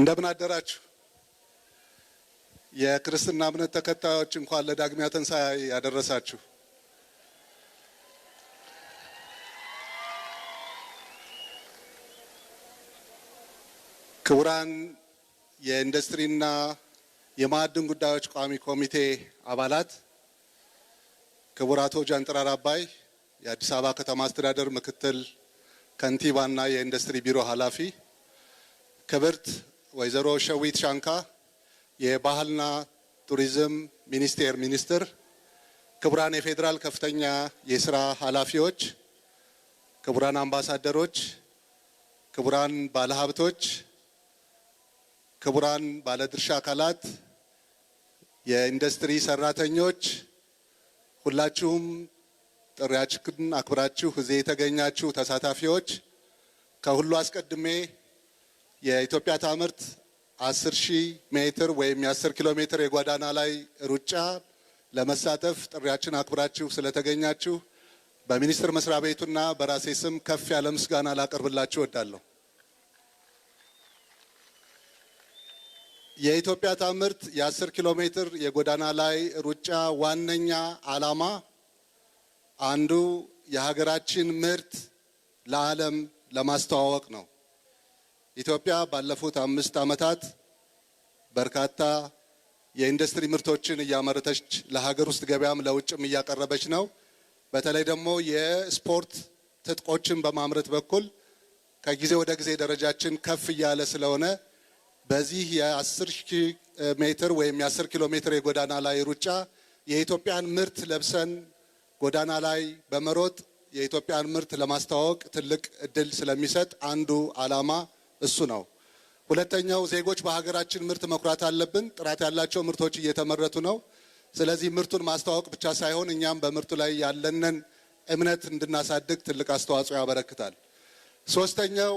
እንደምን አደራችሁ። የክርስትና እምነት ተከታዮች እንኳን ለዳግሚያ ትንሣኤ ያደረሳችሁ። ክቡራን የኢንዱስትሪና የማዕድን ጉዳዮች ቋሚ ኮሚቴ አባላት፣ ክቡር አቶ ጃንጥራር አባይ የአዲስ አበባ ከተማ አስተዳደር ምክትል ከንቲባና የኢንዱስትሪ ቢሮ ኃላፊ፣ ክብርት ወይዘሮ ሸዊት ሻንካ የባህልና ቱሪዝም ሚኒስቴር ሚኒስትር፣ ክቡራን የፌዴራል ከፍተኛ የስራ ኃላፊዎች፣ ክቡራን አምባሳደሮች፣ ክቡራን ባለሀብቶች፣ ክቡራን ባለድርሻ አካላት፣ የኢንዱስትሪ ሰራተኞች ሁላችሁም ጥሪያችን አክብራችሁ እዚህ የተገኛችሁ ተሳታፊዎች ከሁሉ አስቀድሜ የኢትዮጵያ ታምርት 10 ሺህ ሜትር ወይም የ10 ኪሎ ሜትር የጎዳና ላይ ሩጫ ለመሳተፍ ጥሪያችን አክብራችሁ ስለተገኛችሁ በሚኒስቴር መስሪያ ቤቱና በራሴ ስም ከፍ ያለ ምስጋና ላቀርብላችሁ እወዳለሁ። የኢትዮጵያ ታምርት የ10 ኪሎ ሜትር የጎዳና ላይ ሩጫ ዋነኛ ዓላማ አንዱ የሀገራችን ምርት ለዓለም ለማስተዋወቅ ነው። ኢትዮጵያ ባለፉት አምስት ዓመታት በርካታ የኢንዱስትሪ ምርቶችን እያመረተች ለሀገር ውስጥ ገበያም ለውጭም እያቀረበች ነው። በተለይ ደግሞ የስፖርት ትጥቆችን በማምረት በኩል ከጊዜ ወደ ጊዜ ደረጃችን ከፍ እያለ ስለሆነ በዚህ የ10 ሜትር ወይም የ10 ኪሎ ሜትር የጎዳና ላይ ሩጫ የኢትዮጵያን ምርት ለብሰን ጎዳና ላይ በመሮጥ የኢትዮጵያን ምርት ለማስተዋወቅ ትልቅ እድል ስለሚሰጥ አንዱ ዓላማ እሱ ነው። ሁለተኛው ዜጎች በሀገራችን ምርት መኩራት አለብን። ጥራት ያላቸው ምርቶች እየተመረቱ ነው። ስለዚህ ምርቱን ማስተዋወቅ ብቻ ሳይሆን እኛም በምርቱ ላይ ያለንን እምነት እንድናሳድግ ትልቅ አስተዋጽኦ ያበረክታል። ሶስተኛው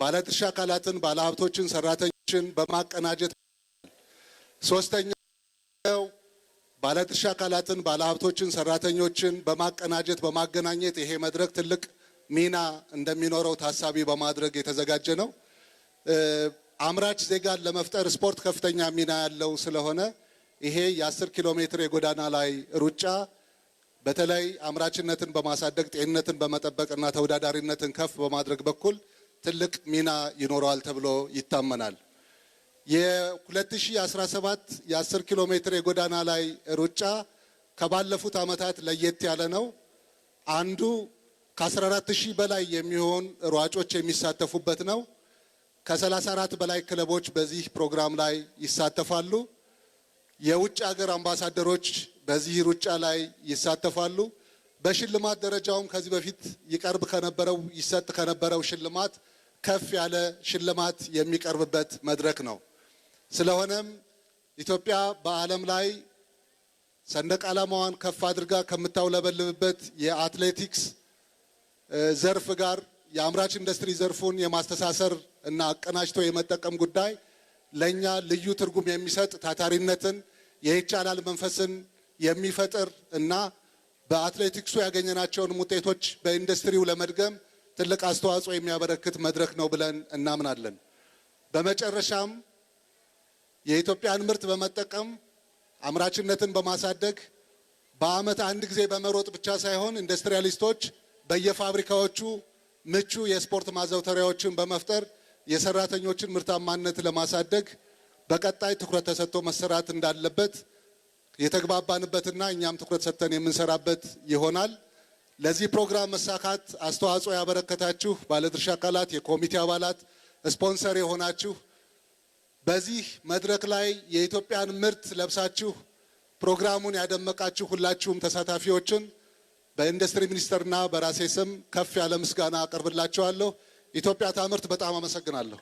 ባለድርሻ አካላትን፣ ባለሀብቶችን፣ ሰራተኞችን በማቀናጀት ሶስተኛው ባለድርሻ አካላትን፣ ባለሀብቶችን፣ ሰራተኞችን በማቀናጀት በማገናኘት ይሄ መድረክ ትልቅ ሚና እንደሚኖረው ታሳቢ በማድረግ የተዘጋጀ ነው። አምራች ዜጋን ለመፍጠር ስፖርት ከፍተኛ ሚና ያለው ስለሆነ ይሄ የ10 ኪሎ ሜትር የጎዳና ላይ ሩጫ በተለይ አምራችነትን በማሳደግ ጤንነትን በመጠበቅና ተወዳዳሪነትን ከፍ በማድረግ በኩል ትልቅ ሚና ይኖረዋል ተብሎ ይታመናል። የ2017 የ10 ኪሎ ሜትር የጎዳና ላይ ሩጫ ከባለፉት ዓመታት ለየት ያለ ነው። አንዱ ከ14 ሺህ በላይ የሚሆን ሯጮች የሚሳተፉበት ነው። ከ34 በላይ ክለቦች በዚህ ፕሮግራም ላይ ይሳተፋሉ። የውጭ ሀገር አምባሳደሮች በዚህ ሩጫ ላይ ይሳተፋሉ። በሽልማት ደረጃውም ከዚህ በፊት ይቀርብ ከነበረው ይሰጥ ከነበረው ሽልማት ከፍ ያለ ሽልማት የሚቀርብበት መድረክ ነው። ስለሆነም ኢትዮጵያ በዓለም ላይ ሰንደቅ ዓላማዋን ከፍ አድርጋ ከምታውለበልብበት የአትሌቲክስ ዘርፍ ጋር የአምራች ኢንዱስትሪ ዘርፉን የማስተሳሰር እና አቀናጅቶ የመጠቀም ጉዳይ ለእኛ ልዩ ትርጉም የሚሰጥ ታታሪነትን፣ የይቻላል መንፈስን የሚፈጥር እና በአትሌቲክሱ ያገኘናቸውን ውጤቶች በኢንዱስትሪው ለመድገም ትልቅ አስተዋጽኦ የሚያበረክት መድረክ ነው ብለን እናምናለን። በመጨረሻም የኢትዮጵያን ምርት በመጠቀም አምራችነትን በማሳደግ በዓመት አንድ ጊዜ በመሮጥ ብቻ ሳይሆን ኢንዱስትሪያሊስቶች በየፋብሪካዎቹ ምቹ የስፖርት ማዘውተሪያዎችን በመፍጠር የሰራተኞችን ምርታማነት ለማሳደግ በቀጣይ ትኩረት ተሰጥቶ መሰራት እንዳለበት የተግባባንበትና እኛም ትኩረት ሰጥተን የምንሰራበት ይሆናል። ለዚህ ፕሮግራም መሳካት አስተዋጽኦ ያበረከታችሁ ባለድርሻ አካላት፣ የኮሚቴ አባላት፣ ስፖንሰር የሆናችሁ በዚህ መድረክ ላይ የኢትዮጵያን ምርት ለብሳችሁ ፕሮግራሙን ያደመቃችሁ ሁላችሁም ተሳታፊዎችን በኢንዱስትሪ ሚኒስቴርና በራሴ ስም ከፍ ያለ ምስጋና አቀርብላችኋለሁ። ኢትዮጵያ ታምርት በጣም አመሰግናለሁ።